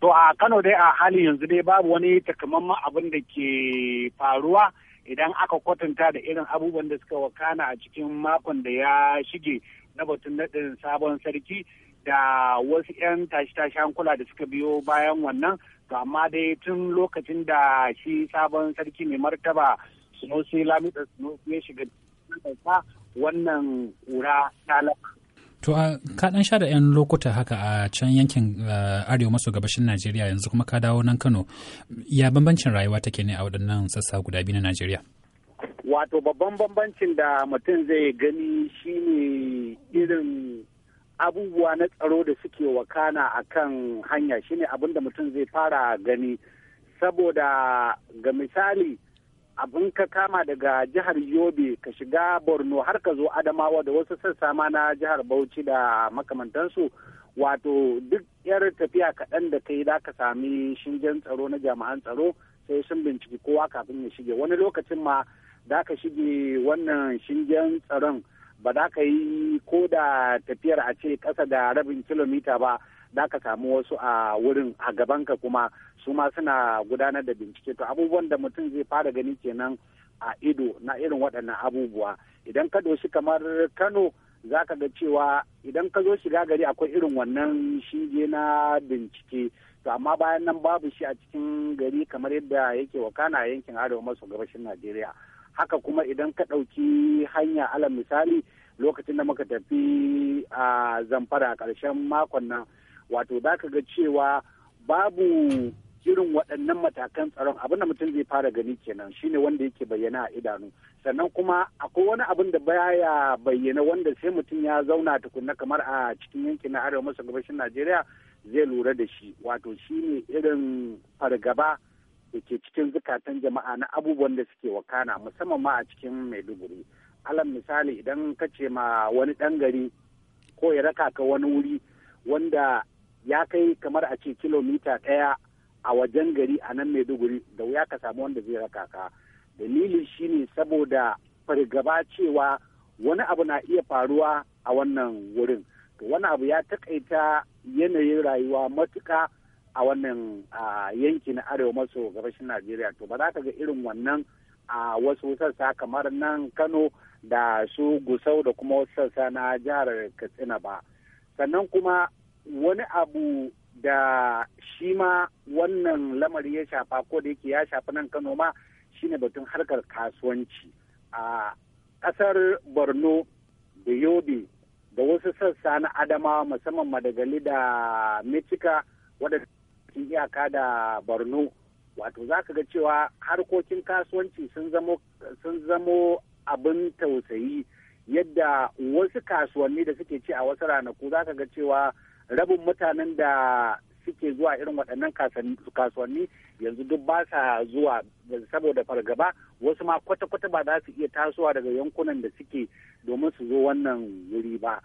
To a Kano dai a halin yanzu dai babu wani takamaiman abin da ke faruwa idan aka kwatanta da irin abubuwan da suka wakana a cikin makon da ya shige na batun naɗin sabon sarki da wasu 'yan tashi tashen kula da suka biyo bayan wannan to amma dai tun lokacin da shi sabon sarki mai martaba sunosi lamita sunosi ya shiga wannan kura ta To a ka ɗan sha da 'yan lokuta haka a can yankin eh, arewa maso gabashin Najeriya yanzu kuma ka dawo nan Kano. Ya bambancin rayuwa take ne a waɗannan sassa guda biyu na Najeriya? Wato babban bambancin da mutum zai gani shine irin abubuwa na tsaro da suke wakana a kan hanya shine abin da mutum zai fara gani. Saboda ga misali abin ka kama daga jihar yobe ka shiga borno har ka zo adamawa da wasu sassa ma na jihar bauchi da makamantansu wato duk yar tafiya kaɗan da kai za ka sami shingen tsaro na jami'an tsaro sai sun binciki kowa kafin ya shige wani lokacin ma za ka shige wannan shingen tsaron ba za ka yi ko da tafiyar a ce ƙasa da rabin kilomita ba da ka samu wasu a wurin a gabanka kuma su ma suna gudanar da bincike to abubuwan da mutum zai fara gani kenan a ido na irin waɗannan abubuwa idan ka doshi kamar kano za ka ga cewa idan ka zo shiga gari akwai irin wannan shige na bincike to amma bayan nan babu shi a cikin gari kamar yadda yake wakana a yankin arewa maso gabashin najeriya haka kuma idan ka ɗauki hanya alal misali lokacin da muka tafi a zamfara a ƙarshen makon nan wato za ka ga cewa babu irin waɗannan matakan tsaron abin da mutum zai fara gani kenan shine wanda yake bayyana a idanu sannan kuma akwai wani abin da baya bayyana wanda sai mutum ya zauna tukunna kamar a cikin yankin na arewa maso gabashin najeriya zai lura da shi wato shine irin fargaba da ke cikin zukatan jama'a na abubuwan da suke wakana musamman ma a cikin maiduguri alal misali idan ka ce ma wani ɗan gari ko ya raka ka wani wuri wanda ya kai kamar a ce kilomita ɗaya a wajen gari a nan maiduguri da wuya ka samu wanda zai raka ka dalili shine saboda fargaba cewa wani abu na iya faruwa a wannan wurin to wani abu ya takaita yanayin rayuwa matuka a wannan yanki na arewa maso gabashin najeriya to ba za ka ga irin wannan a wasu sassa kamar nan kano da su gusau da kuma wasu sassa na jihar katsina ba sannan kuma wani abu da shi ma wannan lamari ya shafa ko da yake ya shafi nan kano ma shine batun harkar kasuwanci a kasar borno da yobe da wasu sassa na adamawa musamman madagali da mitika wadda iyaka da borno wato za ka ga cewa harkokin kasuwanci sun zamo abin tausayi yadda wasu kasuwanni da suke ci a wasu ranaku za ka ga cewa rabin mutanen da suke zuwa irin waɗannan kasuwanni yanzu duk ba sa zuwa saboda fargaba wasu ma kwata-kwata ba za su iya tasowa daga yankunan da suke domin su zo wannan wuri ba